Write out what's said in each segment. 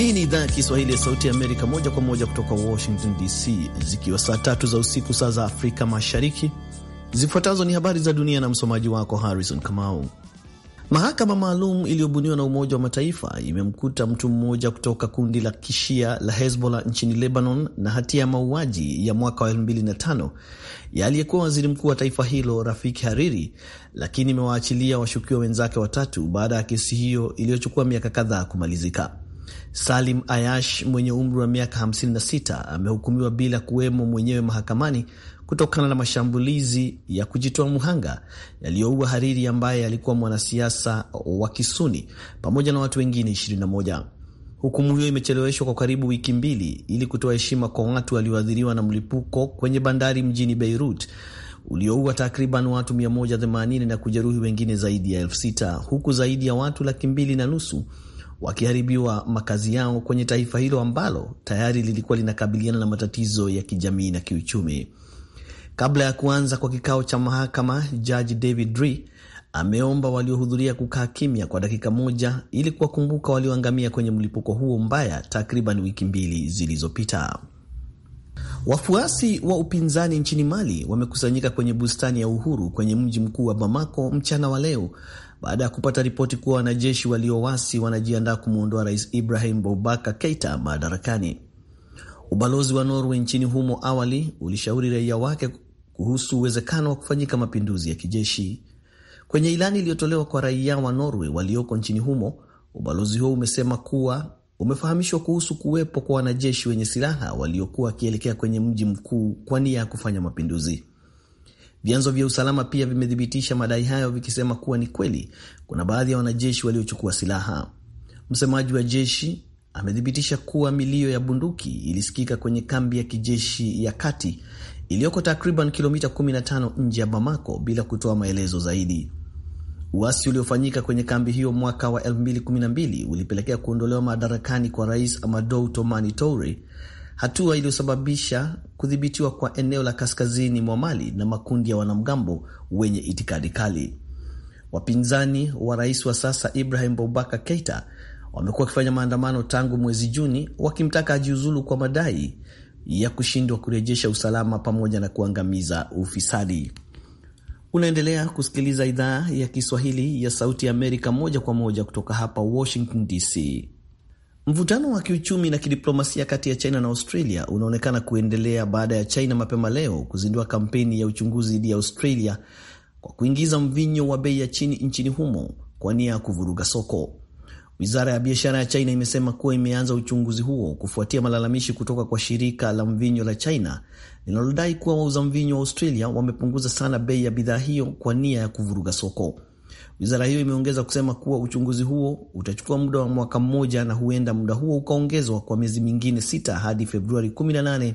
Hii ni idhaa ya Kiswahili ya Sauti ya Amerika, moja kwa moja kutoka Washington DC, zikiwa saa tatu za usiku, saa za Afrika Mashariki. Zifuatazo ni habari za dunia na msomaji wako Harrison Kamau. Mahakama maalum iliyobuniwa na Umoja wa Mataifa imemkuta mtu mmoja kutoka kundi la kishia la Hezbollah nchini Lebanon na hatia ya mauaji ya mwaka wa 2005 ya aliyekuwa waziri mkuu wa taifa hilo Rafik Hariri, lakini imewaachilia washukiwa wenzake watatu baada ya kesi hiyo iliyochukua miaka kadhaa kumalizika. Salim Ayash mwenye umri wa miaka 56 amehukumiwa bila kuwemo mwenyewe mahakamani kutokana na mashambulizi ya kujitoa muhanga yaliyoua Hariri ambaye alikuwa mwanasiasa wa Kisuni pamoja na watu wengine 21. Hukumu hiyo imecheleweshwa kwa karibu wiki mbili ili kutoa heshima kwa watu walioathiriwa na mlipuko kwenye bandari mjini Beirut ulioua takriban watu 180 na kujeruhi wengine zaidi ya elfu sita huku zaidi ya watu laki mbili na nusu wakiharibiwa makazi yao kwenye taifa hilo ambalo tayari lilikuwa linakabiliana na matatizo ya kijamii na kiuchumi. Kabla ya kuanza kwa kikao cha mahakama, jaji David Dree ameomba waliohudhuria kukaa kimya kwa dakika moja ili kuwakumbuka walioangamia kwenye mlipuko huo mbaya takriban wiki mbili zilizopita. Wafuasi wa upinzani nchini Mali wamekusanyika kwenye bustani ya Uhuru kwenye mji mkuu wa Bamako mchana wa leo baada ya kupata ripoti kuwa wanajeshi waliowasi wanajiandaa kumwondoa Rais Ibrahim Boubacar Keita madarakani. Ubalozi wa Norway nchini humo awali ulishauri raia wake kuhusu uwezekano wa kufanyika mapinduzi ya kijeshi. Kwenye ilani iliyotolewa kwa raia wa Norway walioko nchini humo, ubalozi huo umesema kuwa umefahamishwa kuhusu kuwepo kwa wanajeshi wenye silaha waliokuwa wakielekea kwenye mji mkuu kwa nia ya kufanya mapinduzi. Vyanzo vya usalama pia vimethibitisha madai hayo vikisema kuwa ni kweli kuna baadhi ya wanajeshi waliochukua silaha. Msemaji wa jeshi amethibitisha kuwa milio ya bunduki ilisikika kwenye kambi ya kijeshi ya kati iliyoko takriban kilomita 15 nje ya Bamako bila kutoa maelezo zaidi. Uasi uliofanyika kwenye kambi hiyo mwaka wa 2012 ulipelekea kuondolewa madarakani kwa Rais Amadou Tomani Toure hatua iliyosababisha kudhibitiwa kwa eneo la kaskazini mwa Mali na makundi ya wanamgambo wenye itikadi kali. Wapinzani wa rais wa sasa Ibrahim Boubacar Keita wamekuwa wakifanya maandamano tangu mwezi Juni wakimtaka ajiuzulu kwa madai ya kushindwa kurejesha usalama pamoja na kuangamiza ufisadi. Unaendelea kusikiliza idhaa ya Kiswahili ya Sauti ya Amerika moja kwa moja kutoka hapa Washington DC. Mvutano wa kiuchumi na kidiplomasia kati ya China na Australia unaonekana kuendelea baada ya China mapema leo kuzindua kampeni ya uchunguzi dhidi ya Australia kwa kuingiza mvinyo wa bei ya chini nchini humo kwa nia ya kuvuruga soko. Wizara ya biashara ya China imesema kuwa imeanza uchunguzi huo kufuatia malalamishi kutoka kwa shirika la mvinyo la China linalodai kuwa wauza mvinyo wa Australia wamepunguza sana bei ya bidhaa hiyo kwa nia ya kuvuruga soko. Wizara hiyo imeongeza kusema kuwa uchunguzi huo utachukua muda wa mwaka mmoja na huenda muda huo ukaongezwa kwa miezi mingine sita hadi Februari 18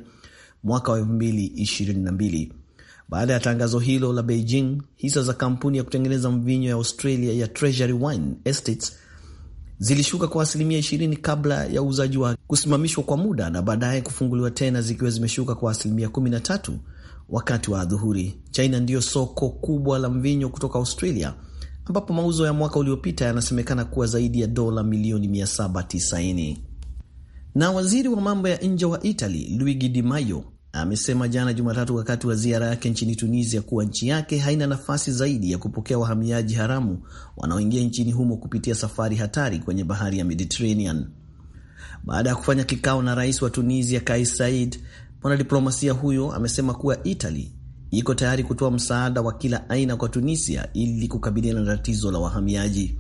mwaka wa 2022. Baada ya tangazo hilo la Beijing, hisa za kampuni ya kutengeneza mvinyo ya Australia ya Treasury Wine Estates zilishuka kwa asilimia 20 kabla ya uuzaji wa kusimamishwa kwa muda na baadaye kufunguliwa tena zikiwa zimeshuka kwa asilimia 13 wakati wa adhuhuri. China ndiyo soko kubwa la mvinyo kutoka Australia ambapo mauzo ya mwaka uliopita yanasemekana kuwa zaidi ya dola milioni 790. Na waziri wa mambo ya nje wa Italy Luigi Di Maio amesema jana Jumatatu wakati wa ziara yake nchini Tunisia kuwa nchi yake haina nafasi zaidi ya kupokea wahamiaji haramu wanaoingia nchini humo kupitia safari hatari kwenye bahari ya Mediterranean. Baada ya kufanya kikao na rais wa Tunisia Kais mwanadiplomasia huyo amesema kuwa Italy iko tayari kutoa msaada wa kila aina kwa Tunisia ili kukabiliana na tatizo la wahamiaji.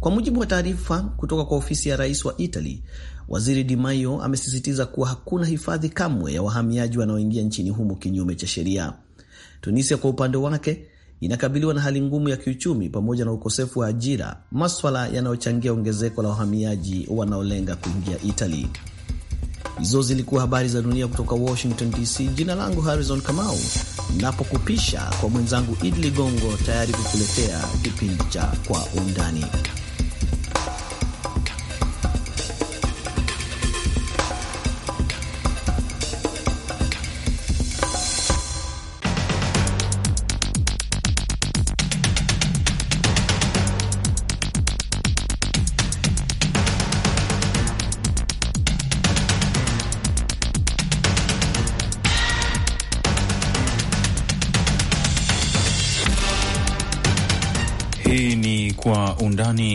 Kwa mujibu wa taarifa kutoka kwa ofisi ya rais wa Italy, waziri Di Maio amesisitiza kuwa hakuna hifadhi kamwe ya wahamiaji wanaoingia nchini humo kinyume cha sheria. Tunisia kwa upande wake inakabiliwa na hali ngumu ya kiuchumi pamoja na ukosefu wa ajira, maswala yanayochangia ongezeko la wahamiaji wanaolenga kuingia Italy. Hizo zilikuwa habari za dunia kutoka Washington DC. Jina langu Harrison Kamau, napokupisha kwa mwenzangu Idli Ligongo, tayari kukuletea kipindi cha Kwa Undani.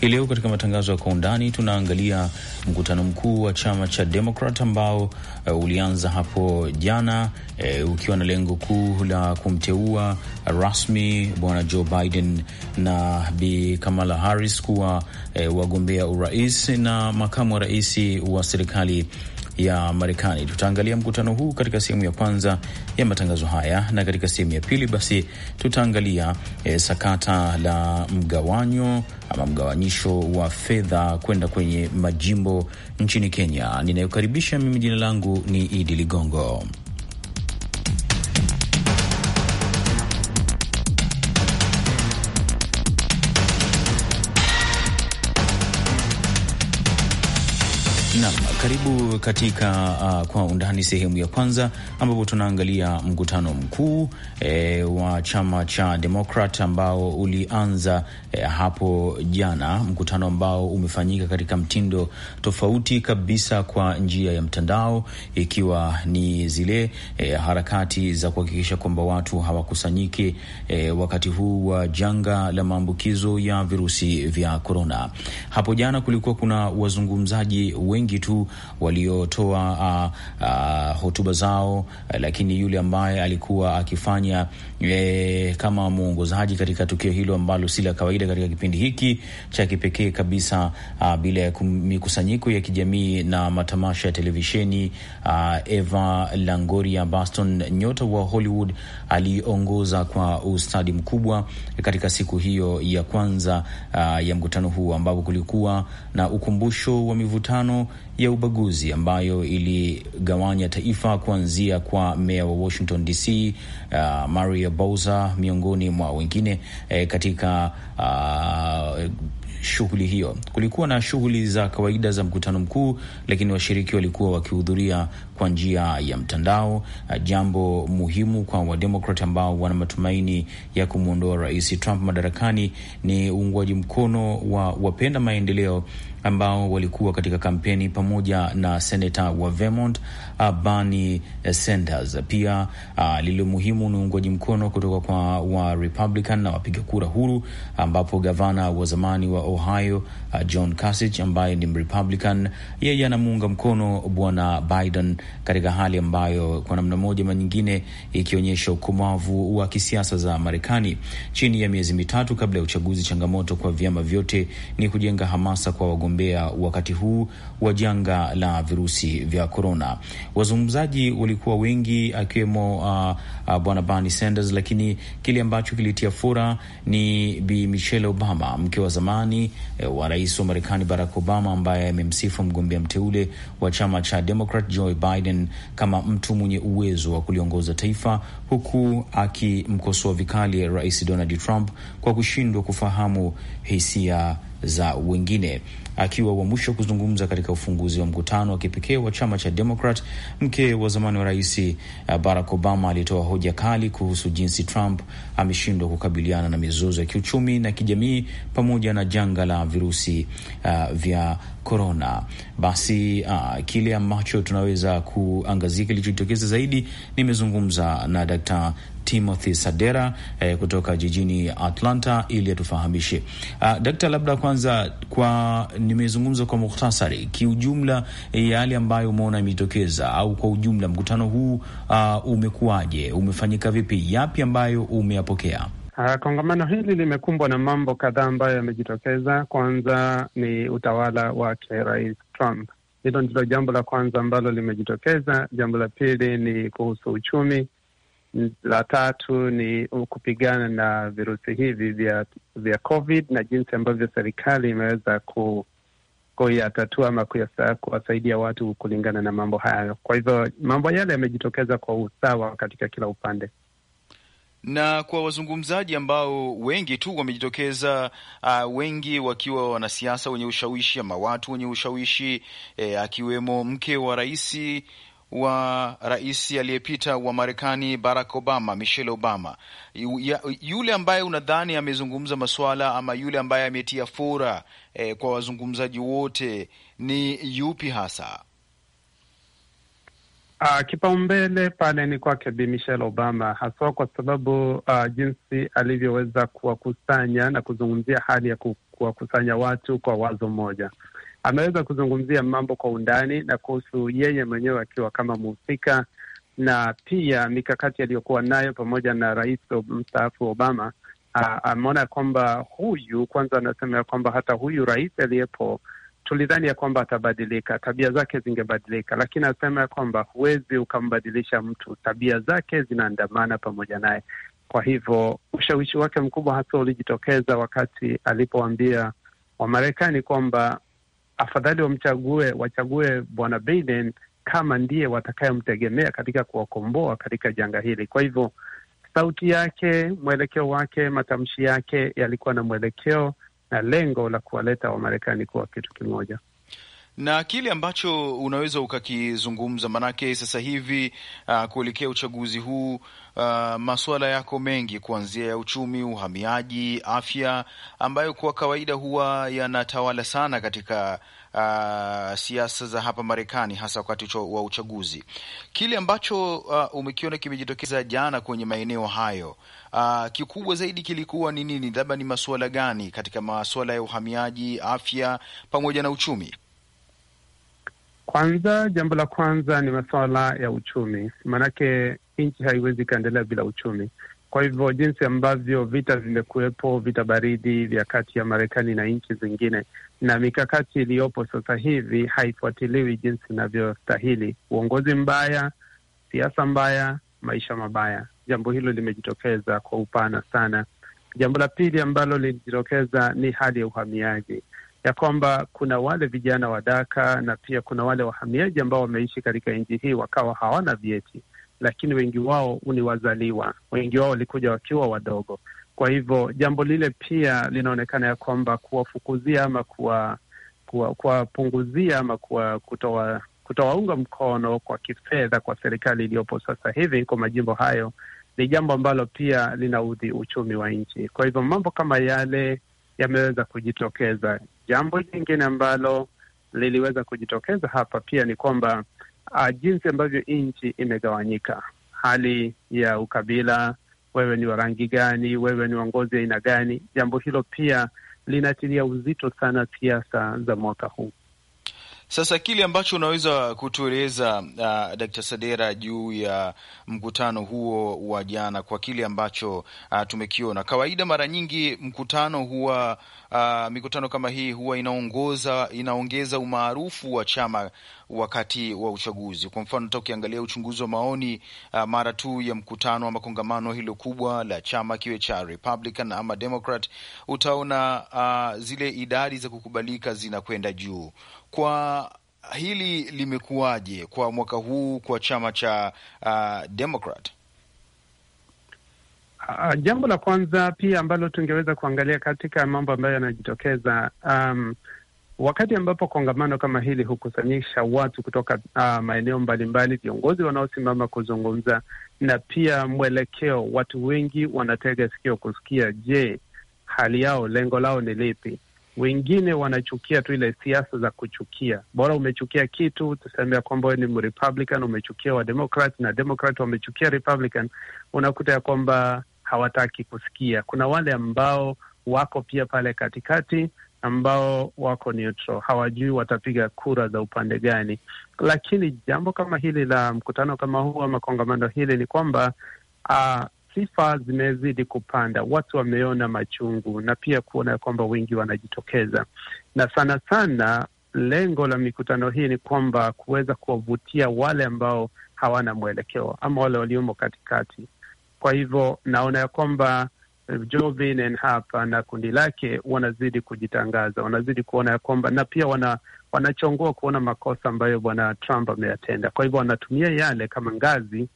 Hii leo katika matangazo ya kwa undani tunaangalia mkutano mkuu wa chama cha Demokrat ambao uh, ulianza hapo jana uh, ukiwa na lengo kuu la kumteua rasmi bwana Joe Biden na Bi Kamala Harris kuwa uh, wagombea urais na makamu wa rais wa serikali ya Marekani. Tutaangalia mkutano huu katika sehemu ya kwanza ya matangazo haya, na katika sehemu ya pili basi tutaangalia e, sakata la mgawanyo ama mgawanyisho wa fedha kwenda kwenye majimbo nchini Kenya. Ninayokaribisha mimi, jina langu ni Idi Ligongo. Nam karibu katika uh, kwa undani sehemu ya kwanza ambapo tunaangalia mkutano mkuu e, wa chama cha Demokrat ambao ulianza e, hapo jana, mkutano ambao umefanyika katika mtindo tofauti kabisa kwa njia ya mtandao, ikiwa ni zile e, harakati za kuhakikisha kwamba watu hawakusanyike e, wakati huu wa janga la maambukizo ya virusi vya korona. Hapo jana kulikuwa kuna wazungumzaji wengi tu waliotoa uh, uh, hotuba zao uh, lakini yule ambaye alikuwa akifanya e, kama mwongozaji katika tukio hilo ambalo si la kawaida katika kipindi hiki cha kipekee kabisa uh, bila ya mikusanyiko ya kijamii na matamasha ya televisheni uh, Eva Longoria Baston, nyota wa Hollywood, aliongoza kwa ustadi mkubwa katika siku hiyo ya kwanza uh, ya mkutano huu ambapo kulikuwa na ukumbusho wa mivutano ya ubaguzi ambayo iligawanya taifa kuanzia kwa meya wa Washington DC uh, Maria Bowser miongoni mwa wengine eh, katika uh, shughuli hiyo. Kulikuwa na shughuli za kawaida za mkutano mkuu, lakini washiriki walikuwa wakihudhuria kwa njia ya mtandao, uh, jambo muhimu kwa Wademokrat ambao wana matumaini ya kumwondoa Rais Trump madarakani ni uungwaji mkono wa wapenda maendeleo ambao walikuwa katika kampeni pamoja na seneta wa Vermont uh, Bernie Sanders. Pia uh, lililo muhimu ni uungwaji mkono kutoka kwa wa Republican na wapiga kura huru, ambapo gavana wa zamani wa Ohio uh, John Kasich ambaye ni Republican, yeye anamuunga mkono bwana Biden katika hali ambayo kwa namna moja ama nyingine ikionyesha ukomavu wa kisiasa za Marekani. Chini ya miezi mitatu kabla ya uchaguzi, changamoto kwa vyama vyote ni kujenga hamasa kwa wagombea kutembea wakati huu wa janga la virusi vya korona. Wazungumzaji walikuwa wengi, akiwemo uh, uh, bwana Bernie Sanders, lakini kile ambacho kilitia fura ni bi Michelle Obama, mke wa zamani eh, wa rais wa Marekani Barack Obama, ambaye amemsifu mgombea mteule wa chama cha Democrat Joe Biden kama mtu mwenye uwezo wa kuliongoza taifa, huku akimkosoa vikali rais Donald Trump kwa kushindwa kufahamu hisia za wengine akiwa wa mwisho kuzungumza katika ufunguzi wa mkutano wa kipekee wa chama cha Demokrat. Mke wa zamani wa rais eh, Barack Obama alitoa hoja kali kuhusu jinsi Trump ameshindwa kukabiliana na mizozo ya kiuchumi na kijamii pamoja na janga la virusi uh, vya korona. Basi uh, kile ambacho tunaweza kuangazia kilichojitokeza zaidi, nimezungumza na Daktari Timothy Sadera eh, kutoka jijini Atlanta ili atufahamishe. Uh, dakta, labda kwanza kwa nimezungumza kwa mukhtasari, kiujumla eh, yale eh, ambayo umeona imetokeza au kwa ujumla mkutano huu uh, umekuwaje? Umefanyika vipi? Yapi ambayo ume kuyapokea? Uh, ah, kongamano hili limekumbwa na mambo kadhaa ambayo yamejitokeza. Kwanza ni utawala wake Rais Trump. Hilo ndilo jambo la kwanza ambalo limejitokeza. Jambo la pili ni kuhusu uchumi. La tatu ni kupigana na virusi hivi vya vya COVID na jinsi ambavyo serikali imeweza ku kuyatatua ama kuwasaidia watu kulingana na mambo hayo. Kwa hivyo mambo yale yamejitokeza kwa usawa katika kila upande na kwa wazungumzaji ambao wengi tu wamejitokeza, uh, wengi wakiwa wanasiasa wenye ushawishi ama watu wenye ushawishi eh, akiwemo mke wa raisi wa rais aliyepita wa Marekani Barack Obama, Michelle Obama, yule ambaye unadhani amezungumza masuala ama yule ambaye ametia fora eh, kwa wazungumzaji wote ni yupi hasa? Uh, kipaumbele pale ni kwake Bi Michelle Obama, haswa kwa sababu uh, jinsi alivyoweza kuwakusanya na kuzungumzia hali ya kuwakusanya watu kwa wazo moja. Ameweza kuzungumzia mambo kwa undani na kuhusu yeye mwenyewe akiwa kama mhusika, na pia mikakati aliyokuwa nayo pamoja na rais mstaafu Obama. Uh, ameona kwamba huyu kwanza, anasema ya kwamba hata huyu rais aliyepo tulidhani ya kwamba atabadilika, tabia zake zingebadilika, lakini anasema ya kwamba huwezi ukambadilisha mtu, tabia zake zinaandamana pamoja naye. Kwa hivyo ushawishi wake mkubwa hasa ulijitokeza wakati alipoambia Wamarekani kwamba afadhali wamchague, wachague bwana Biden kama ndiye watakayemtegemea katika kuwakomboa katika janga hili. Kwa hivyo sauti yake, mwelekeo wake, matamshi yake yalikuwa na mwelekeo na lengo la kuwaleta Wamarekani kuwa kitu kimoja na kile ambacho unaweza ukakizungumza, manake sasa hivi uh, kuelekea uchaguzi huu uh, masuala yako mengi, kuanzia ya uchumi, uhamiaji, afya, ambayo kwa kawaida huwa yanatawala sana katika uh, siasa za hapa Marekani, hasa wakati wa uchaguzi. Kile ambacho uh, umekiona kimejitokeza jana kwenye maeneo hayo uh, kikubwa zaidi kilikuwa ni nini? Labda ni masuala gani katika masuala ya uhamiaji, afya pamoja na uchumi? Kwanza, jambo la kwanza ni masuala ya uchumi, maanake nchi haiwezi ikaendelea bila uchumi. Kwa hivyo jinsi ambavyo vita vimekuwepo, vita baridi vya kati ya Marekani na nchi zingine, na mikakati iliyopo sasa hivi haifuatiliwi jinsi inavyostahili. Uongozi mbaya, siasa mbaya, maisha mabaya jambo hilo limejitokeza kwa upana sana. Jambo la pili ambalo lilijitokeza ni hali ya uhamiaji, ya kwamba kuna wale vijana wa daka na pia kuna wale wahamiaji ambao wameishi katika nchi hii wakawa hawana vyeti, lakini wengi wao ni wazaliwa, wengi wao walikuja wakiwa wadogo. Kwa hivyo jambo lile pia linaonekana ya kwamba kuwafukuzia ama kuwapunguzia ama kuwa kutowaunga mkono kwa kifedha kwa serikali iliyopo sasa hivi kwa majimbo hayo ni jambo ambalo pia linaudhi uchumi wa nchi. Kwa hivyo mambo kama yale yameweza kujitokeza. Jambo jingine ambalo liliweza kujitokeza hapa pia ni kwamba uh, jinsi ambavyo nchi imegawanyika, hali ya ukabila, wewe ni wa rangi gani, wewe ni wa ngozi aina gani, jambo hilo pia linatilia uzito sana siasa za mwaka huu. Sasa kile ambacho unaweza kutueleza uh, Dkt. Sadera juu ya mkutano huo wa jana, kwa kile ambacho uh, tumekiona. Kawaida mara nyingi mkutano huwa uh, mikutano kama hii huwa inaongoza inaongeza umaarufu wa chama wakati wa uchaguzi. Kwa mfano hata ukiangalia uchunguzi wa maoni uh, mara tu ya mkutano ama kongamano hilo kubwa la chama kiwe cha Republican ama Democrat, utaona uh, zile idadi za kukubalika zinakwenda juu kwa hili limekuwaje kwa mwaka huu kwa chama cha uh, Democrat? Uh, jambo la kwanza pia ambalo tungeweza kuangalia katika mambo ambayo yanajitokeza um, wakati ambapo kongamano kama hili hukusanyisha watu kutoka uh, maeneo mbalimbali, viongozi wanaosimama kuzungumza, na pia mwelekeo, watu wengi wanatega sikio kusikia, je, hali yao, lengo lao ni lipi? Wengine wanachukia tu ile siasa za kuchukia. Bora umechukia kitu, tuseme ya kwamba wewe ni Mrepublican, umechukia wademokrat na Demokrat wamechukia Republican, unakuta ya kwamba hawataki kusikia. Kuna wale ambao wako pia pale katikati ambao wako neutral, hawajui watapiga kura za upande gani. Lakini jambo kama hili la mkutano kama huu ama kongamano hili ni kwamba uh, sifa zimezidi kupanda, watu wameona machungu na pia kuona kwamba wengi wanajitokeza, na sana sana lengo la mikutano hii ni kwamba kuweza kuwavutia wale ambao hawana mwelekeo ama wale waliomo katikati. Kwa hivyo naona ya kwamba eh, Joe Biden hapa na kundi lake wanazidi kujitangaza, wanazidi kuona ya kwamba na pia wana, wanachongoa kuona makosa ambayo bwana Trump ameyatenda. Kwa hivyo wanatumia yale kama ngazi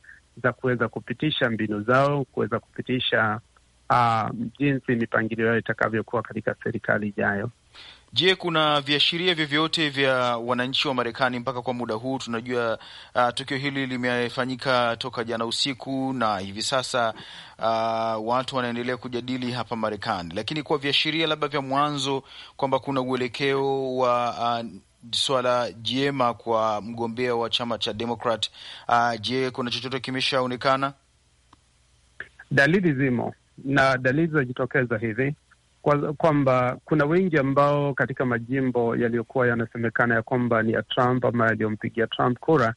za kuweza kupitisha mbinu zao, kuweza kupitisha uh, jinsi mipangilio yao itakavyokuwa katika serikali ijayo. Je, kuna viashiria vyovyote vya wananchi wa Marekani mpaka kwa muda huu? Tunajua uh, tukio hili limefanyika toka jana usiku na hivi sasa uh, watu wanaendelea kujadili hapa Marekani, lakini kwa viashiria labda vya mwanzo kwamba kuna uelekeo wa uh, swala jema kwa mgombea wa chama cha Demokrat. Uh, ah, je, kuna chochote kimeshaonekana? Dalili zimo na dalili zinajitokeza hivi kwamba kwa kuna wengi ambao katika majimbo yaliyokuwa yanasemekana ya kwamba ni ya Trump ama yaliyompigia Trump kura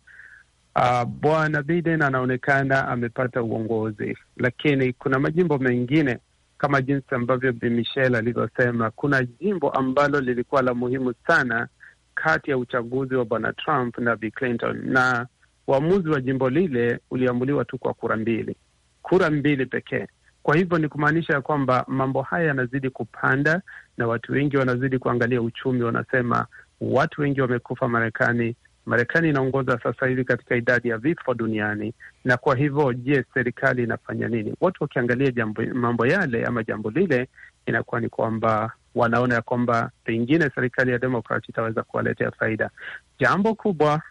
uh, bwana Biden anaonekana amepata uongozi, lakini kuna majimbo mengine kama jinsi ambavyo Bi Michelle alivyosema, kuna jimbo ambalo lilikuwa la muhimu sana kati ya uchaguzi wa bwana Trump na Bi Clinton, na uamuzi wa jimbo lile uliamuliwa tu kwa kura mbili, kura mbili pekee. Kwa hivyo ni kumaanisha ya kwamba mambo haya yanazidi kupanda na watu wengi wanazidi kuangalia uchumi, wanasema watu wengi wamekufa Marekani. Marekani inaongoza sasa hivi katika idadi ya vifo duniani, na kwa hivyo, je, serikali inafanya nini? Watu wakiangalia jambo, mambo yale ama jambo lile, inakuwa ni kwamba wanaona ya kwamba pengine serikali ya Demokrat itaweza kuwaletea faida. Jambo kubwa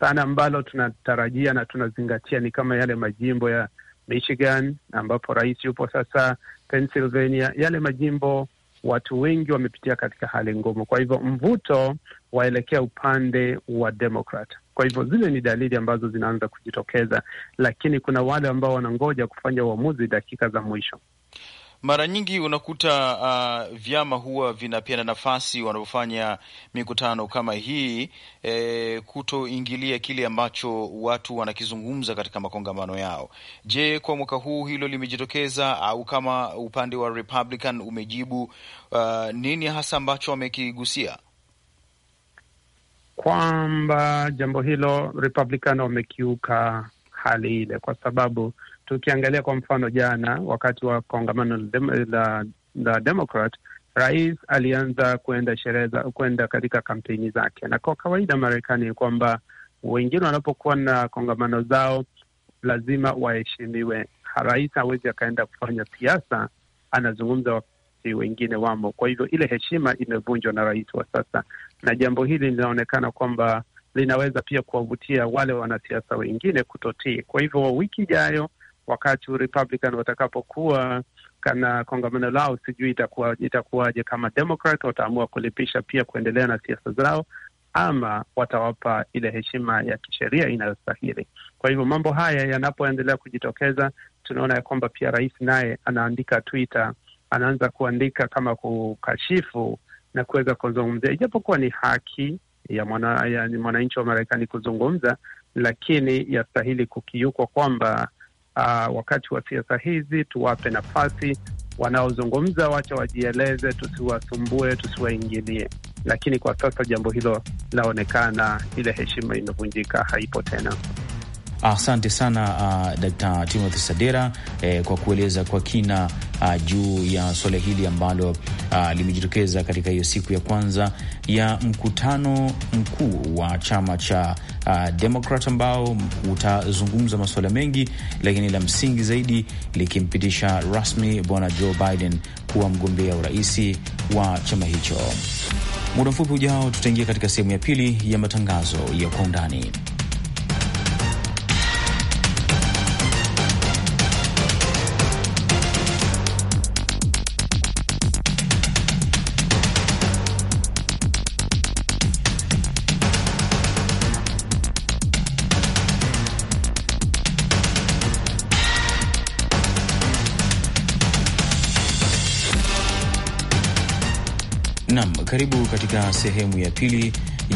sana ambalo tunatarajia na tunazingatia ni kama yale majimbo ya Michigan ambapo rais yupo sasa, Pennsylvania, yale majimbo watu wengi wamepitia katika hali ngumu. Kwa hivyo mvuto waelekea upande wa demokrat Kwa hivyo zile ni dalili ambazo zinaanza kujitokeza, lakini kuna wale ambao wanangoja kufanya uamuzi dakika za mwisho. Mara nyingi unakuta uh, vyama huwa vinapeana nafasi wanapofanya mikutano kama hii e, kutoingilia kile ambacho watu wanakizungumza katika makongamano yao. Je, kwa mwaka huu hilo limejitokeza au kama upande wa Republican umejibu uh, nini hasa ambacho wamekigusia? Kwamba jambo hilo Republican wamekiuka hali ile kwa sababu Tukiangalia kwa mfano, jana wakati wa kongamano la, la, la Democrat, rais alianza kuenda sherehe kwenda katika kampeni zake, na kwa kawaida Marekani ni kwamba wengine wanapokuwa na kongamano zao lazima waheshimiwe. Rais hawezi akaenda kufanya siasa, anazungumza wakati wengine wamo. Kwa hivyo ile heshima imevunjwa na rais wa sasa, na jambo hili linaonekana kwamba linaweza pia kuwavutia wale wanasiasa wengine kutotii. Kwa hivyo wiki ijayo wakati Republican watakapokuwa kana kongamano lao, sijui itakuwa itakuwaje kama Democrat wataamua kulipisha pia kuendelea na siasa zao ama watawapa ile heshima ya kisheria inayostahili. Kwa hivyo mambo haya yanapoendelea kujitokeza, tunaona ya kwamba pia rais naye anaandika Twitter, anaanza kuandika kama kukashifu na kuweza kuzungumzia, ijapokuwa ni haki ya mwananchi mwana wa Marekani kuzungumza, lakini yastahili kukiukwa kwamba uh, wakati wa siasa hizi tuwape nafasi wanaozungumza, wacha wajieleze, tusiwasumbue, tusiwaingilie. Lakini kwa sasa jambo hilo linaonekana, ile heshima imevunjika, haipo tena. Asante sana uh, ah, Dkt. Timothy Sadera eh, kwa kueleza kwa kina uh, juu ya suala hili ambalo uh, limejitokeza katika hiyo siku ya kwanza ya mkutano mkuu wa chama cha uh, Demokrat ambao utazungumza masuala mengi, lakini la msingi zaidi likimpitisha rasmi bwana Joe Biden kuwa mgombea uraisi wa chama hicho. Muda mfupi ujao tutaingia katika sehemu ya pili ya matangazo ya kwa undani. katika sehemu ya pili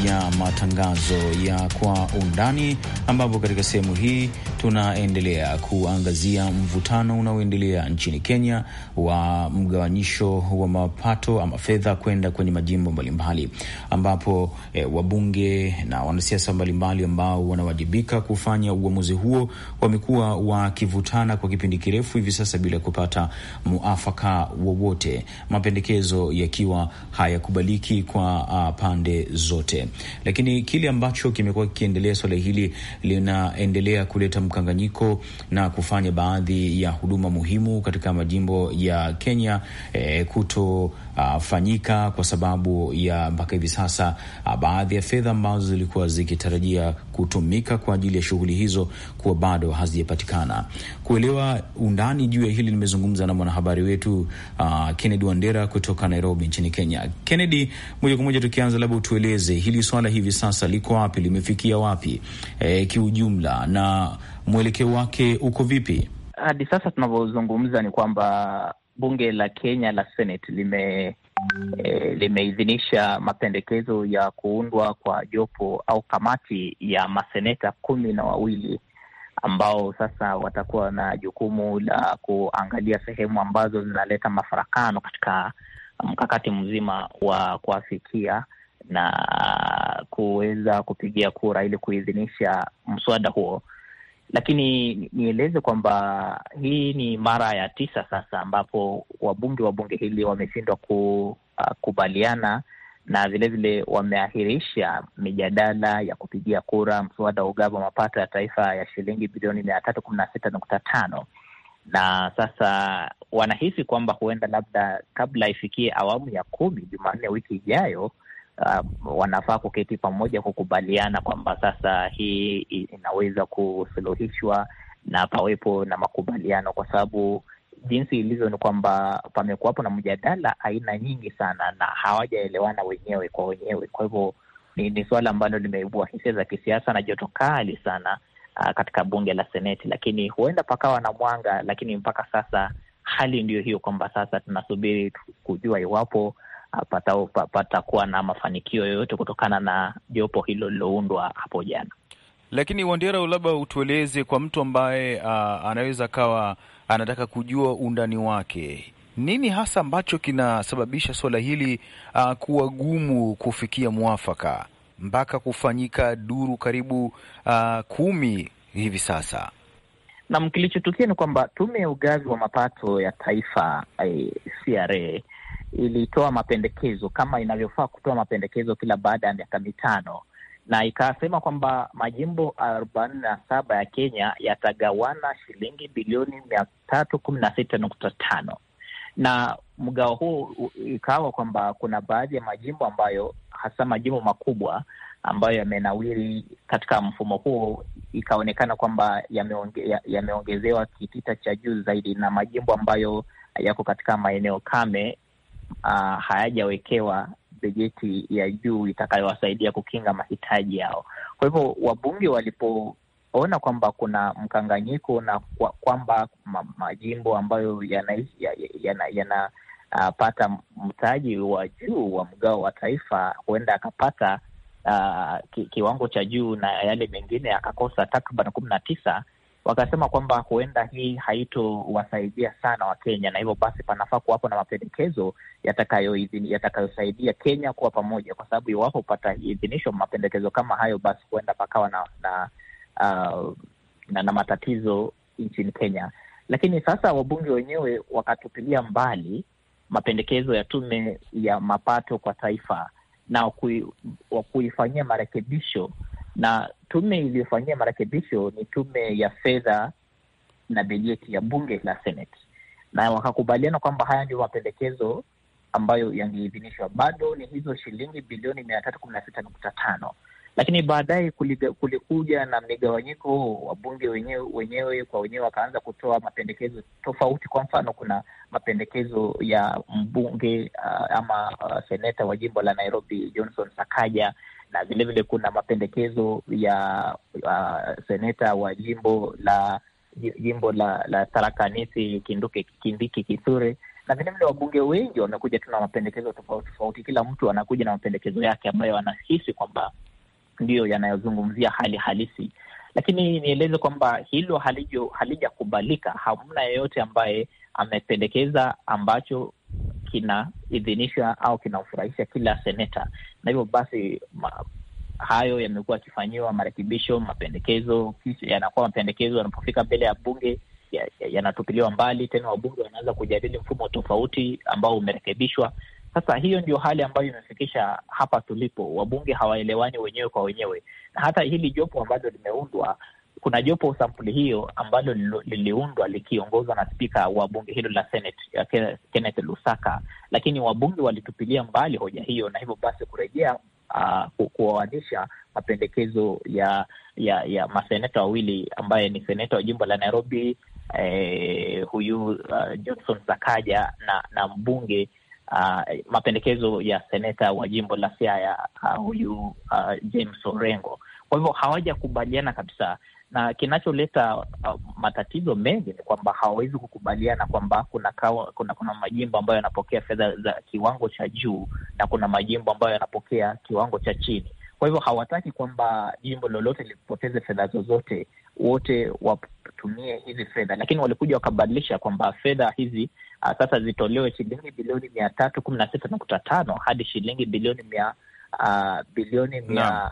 ya matangazo ya kwa undani ambapo katika sehemu hii tunaendelea kuangazia mvutano unaoendelea nchini Kenya wa mgawanyisho wa mapato ama fedha kwenda kwenye majimbo mbalimbali, ambapo e, wabunge na wanasiasa mbalimbali ambao wanawajibika kufanya uamuzi huo wamekuwa wakivutana kwa kipindi kirefu hivi sasa bila kupata muafaka wowote, mapendekezo yakiwa hayakubaliki kwa a, ah, pande zote, lakini kile ambacho kimekuwa kikiendelea, swala hili linaendelea kuleta mkanganyiko na kufanya baadhi ya huduma muhimu katika majimbo ya Kenya eh, kuto uh, fanyika kwa sababu ya mpaka hivi sasa uh, baadhi ya fedha ambazo zilikuwa zikitarajia kutumika kwa ajili ya shughuli hizo kuwa bado hazijapatikana. Kuelewa undani juu ya hili, nimezungumza na mwanahabari wetu uh, Kennedy Wandera kutoka Nairobi nchini Kenya. Kennedy, moja kwa moja tukianza, labda utueleze hili swala hivi sasa liko wapi, limefikia wapi eh, kiujumla na mwelekeo wake uko vipi? Hadi sasa tunavyozungumza ni kwamba bunge la Kenya la Senate lime E, limeidhinisha mapendekezo ya kuundwa kwa jopo au kamati ya maseneta kumi na wawili ambao sasa watakuwa na jukumu la kuangalia sehemu ambazo zinaleta mafarakano katika mkakati mzima wa kuafikia na kuweza kupigia kura ili kuidhinisha mswada huo lakini nieleze kwamba hii ni mara ya tisa sasa ambapo wabunge wa bunge hili wameshindwa kukubaliana uh, na vilevile wameahirisha mijadala ya kupigia kura mswada wa ugavi wa mapato ya taifa ya shilingi bilioni mia tatu kumi na sita nukta tano na sasa wanahisi kwamba huenda labda kabla ifikie awamu ya kumi Jumanne wiki ijayo uh, wanafaa kuketi pamoja kukubaliana kwamba sasa hii inaweza kusuluhishwa na pawepo na makubaliano, kwa sababu jinsi ilivyo ni kwamba pamekuwapo na mjadala aina nyingi sana na hawajaelewana wenyewe kwa wenyewe. Kwa hivyo ni, ni suala ambalo limeibua hisia za kisiasa na joto kali sana uh, katika bunge la Seneti, lakini huenda pakawa na mwanga, lakini mpaka sasa hali ndiyo hiyo kwamba sasa tunasubiri kujua iwapo patakuwa na mafanikio yoyote kutokana na jopo hilo liloundwa hapo jana. Lakini Wandera, labda utueleze kwa mtu ambaye uh, anaweza akawa anataka kujua undani wake, nini hasa ambacho kinasababisha suala hili uh, kuwa gumu kufikia mwafaka mpaka kufanyika duru karibu uh, kumi hivi sasa? Nam, kilichotukia ni kwamba tume ya ugavi wa mapato ya taifa eh, CRA ilitoa mapendekezo kama inavyofaa kutoa mapendekezo kila baada ya miaka mitano, na ikasema kwamba majimbo arobaini na saba ya Kenya yatagawana shilingi bilioni mia tatu kumi na sita nukta tano na mgao huu ikawa kwamba kuna baadhi ya majimbo ambayo hasa majimbo makubwa ambayo yamenawiri katika mfumo huo ikaonekana kwamba yameongezewa ya kitita cha juu zaidi, na majimbo ambayo yako katika maeneo kame uh, hayajawekewa bajeti ya juu itakayowasaidia kukinga mahitaji yao. Kwa hivyo wabunge walipoona kwamba kuna mkanganyiko na kwa, kwamba majimbo ambayo yanapata yana, yana, yana, uh, mtaji wa juu wa mgao wa taifa huenda akapata uh, ki, kiwango cha juu na yale mengine akakosa takriban kumi na tisa wakasema kwamba huenda hii haitowasaidia sana Wakenya na hivyo basi panafaa kuwapo na mapendekezo yatakayosaidia yatakayo Kenya kuwa pamoja, kwa sababu iwapo idhinisho mapendekezo kama hayo, basi huenda pakawa na na, uh, na, na matatizo nchini Kenya. Lakini sasa wabunge wenyewe wakatupilia mbali mapendekezo ya tume ya mapato kwa taifa na wakuifanyia marekebisho na tume iliyofanyia marekebisho ni tume ya fedha na bajeti ya bunge la senet na wakakubaliana kwamba haya ndio mapendekezo ambayo yangeidhinishwa. Bado ni hizo shilingi bilioni mia tatu kumi na sita nukta tano lakini baadaye kulikuja na migawanyiko, bunge wenyewe wenyewe kwa wenyewe wakaanza kutoa mapendekezo tofauti. Kwa mfano, kuna mapendekezo ya mbunge uh, ama uh, seneta wa jimbo la Nairobi Johnson Sakaja na vilevile kuna mapendekezo ya uh, seneta wa jimbo la jimbo la la Tarakanisi Kinduke Kindiki Kithure na vilevile wabunge wengi wamekuja tu na mapendekezo tofauti tofauti. Kila mtu anakuja na mapendekezo yake ambayo anahisi kwamba ndiyo yanayozungumzia hali halisi, lakini nieleze kwamba hilo halijakubalika. Hamna yeyote ambaye amependekeza ambacho kinaidhinisha au kinafurahisha kila seneta, na hivyo basi ma, hayo yamekuwa yakifanyiwa marekebisho, mapendekezo yanakuwa mapendekezo yanapofika mbele ya bunge yanatupiliwa ya, ya mbali, tena wabunge wanaweza kujadili mfumo tofauti ambao umerekebishwa. Sasa hiyo ndio hali ambayo imefikisha hapa tulipo, wabunge hawaelewani wenyewe kwa wenyewe, na hata hili jopo ambalo limeundwa kuna jopo sampuli hiyo ambalo liliundwa likiongozwa na spika wa bunge hilo la Senate Kenneth Lusaka, lakini wabunge walitupilia mbali hoja hiyo na hivyo basi kurejea uh, ah, kuoanisha mapendekezo ya ya ya maseneta wawili ambaye ni seneta wa jimbo la Nairobi eh, huyu uh, Johnson Sakaja na na mbunge Uh, mapendekezo ya seneta wa jimbo la Siaya uh, huyu uh, James Orengo. Kwa hivyo hawajakubaliana kabisa, na kinacholeta uh, matatizo mengi ni kwamba hawawezi kukubaliana kwamba kuna, kuna kuna majimbo ambayo yanapokea fedha za kiwango cha juu na kuna majimbo ambayo yanapokea kiwango cha chini. Kwa hivyo hawataki kwamba jimbo lolote lipoteze fedha zozote, wote watumie hizi fedha, lakini walikuja wakabadilisha kwamba fedha hizi uh, sasa zitolewe shilingi bilioni mia tatu kumi na sita nukta tano hadi shilingi bilioni mia uh, bilioni mia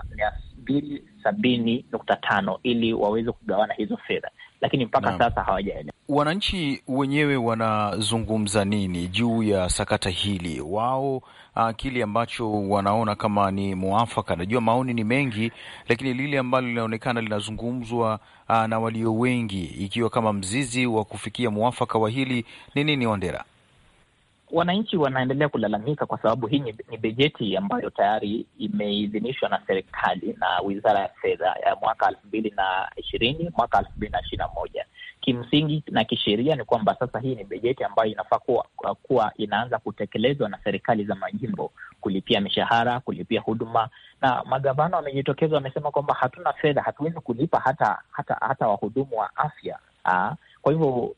mbili sabini nukta tano ili waweze kugawana hizo fedha, lakini mpaka no. sasa hawajaelewa. Wananchi wenyewe wanazungumza nini juu ya sakata hili wao, uh, kile ambacho wanaona kama ni mwafaka. Najua maoni ni mengi, lakini lile ambalo linaonekana linazungumzwa uh, na walio wengi, ikiwa kama mzizi wa kufikia mwafaka wa hili ni nini, Wandera? wananchi wanaendelea kulalamika kwa sababu hii ni bajeti ambayo tayari imeidhinishwa na serikali na wizara ya fedha ya mwaka elfu mbili na ishirini mwaka elfu mbili na ishirini na moja Kimsingi na kisheria ni kwamba sasa hii ni bajeti ambayo inafaa kuwa, kuwa inaanza kutekelezwa na serikali za majimbo kulipia mishahara, kulipia huduma, na magavana wamejitokeza, wamesema kwamba hatuna fedha, hatuwezi kulipa hata hata hata wahudumu wa afya. Aa, kwa hivyo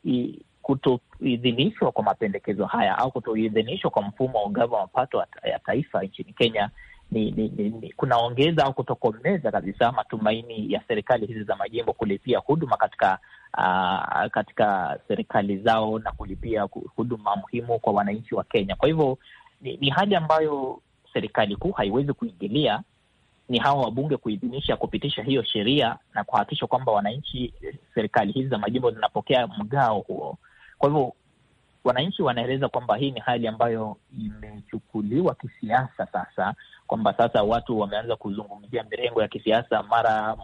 kutoidhinishwa kwa mapendekezo haya au kutoidhinishwa kwa mfumo wa wa mapato ya taifa nchini Kenya ni, ni, ni, ni kunaongeza au kutokomeza kabisa matumaini ya serikali hizi za majimbo kulipia huduma katika uh, katika serikali zao na kulipia huduma muhimu kwa wananchi wa Kenya. Kwa hivyo ni, ni hali ambayo serikali kuu haiwezi kuingilia. Ni hawa wabunge kuidhinisha kupitisha hiyo sheria na kuhakikisha kwamba wananchi, serikali hizi za majimbo zinapokea mgao huo. Kwa hivyo wananchi wanaeleza kwamba hii ni hali ambayo imechukuliwa kisiasa sasa, kwamba sasa watu wameanza kuzungumzia mirengo ya kisiasa, mara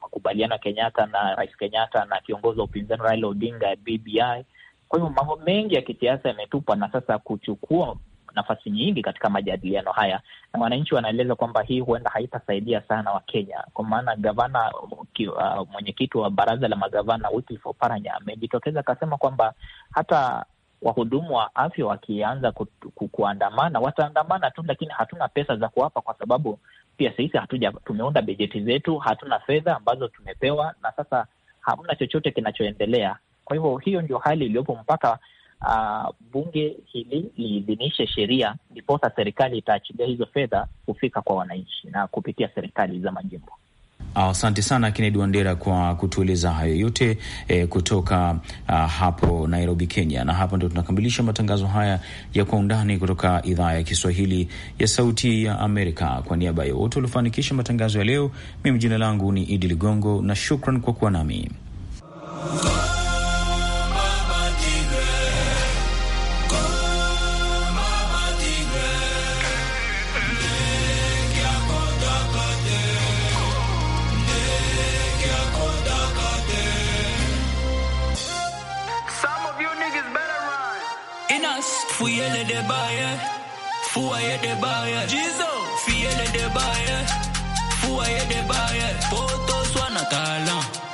makubaliano ya Kenyatta na Rais Kenyatta na kiongozi wa upinzani Raila Odinga, ya BBI. Kwa hivyo mambo mengi ya kisiasa yametupwa na sasa kuchukua nafasi nyingi katika majadiliano haya, wananchi wanaeleza kwamba hii huenda haitasaidia sana Wakenya, kwa maana gavana uh, mwenyekiti wa baraza la magavana Wycliffe Oparanya amejitokeza akasema kwamba hata wahudumu wa afya wakianza kuandamana wataandamana tu, lakini hatuna pesa za kuwapa kwa sababu pia sisi hatuja tumeunda bajeti zetu, hatuna fedha ambazo tumepewa, na sasa hamna chochote kinachoendelea. Kwa hivyo hiyo ndio hali iliyopo mpaka uh, bunge hili liidhinishe sheria, ndiposa serikali itaachilia hizo fedha kufika kwa wananchi na kupitia serikali za majimbo. Asante sana Kennedy Wandera kwa kutueleza hayo yote e, kutoka a, ah, hapo Nairobi, Kenya. Na hapa ndo tunakamilisha matangazo haya ya Kwa Undani kutoka idhaa ya Kiswahili ya Sauti ya Amerika. Kwa niaba ya wote waliofanikisha matangazo ya leo, mimi jina langu ni Idi Ligongo na shukran kwa kuwa nami. Fua ye de baya. Jizo. Fiele de baya. Fua ye de baya. Poto swana talent.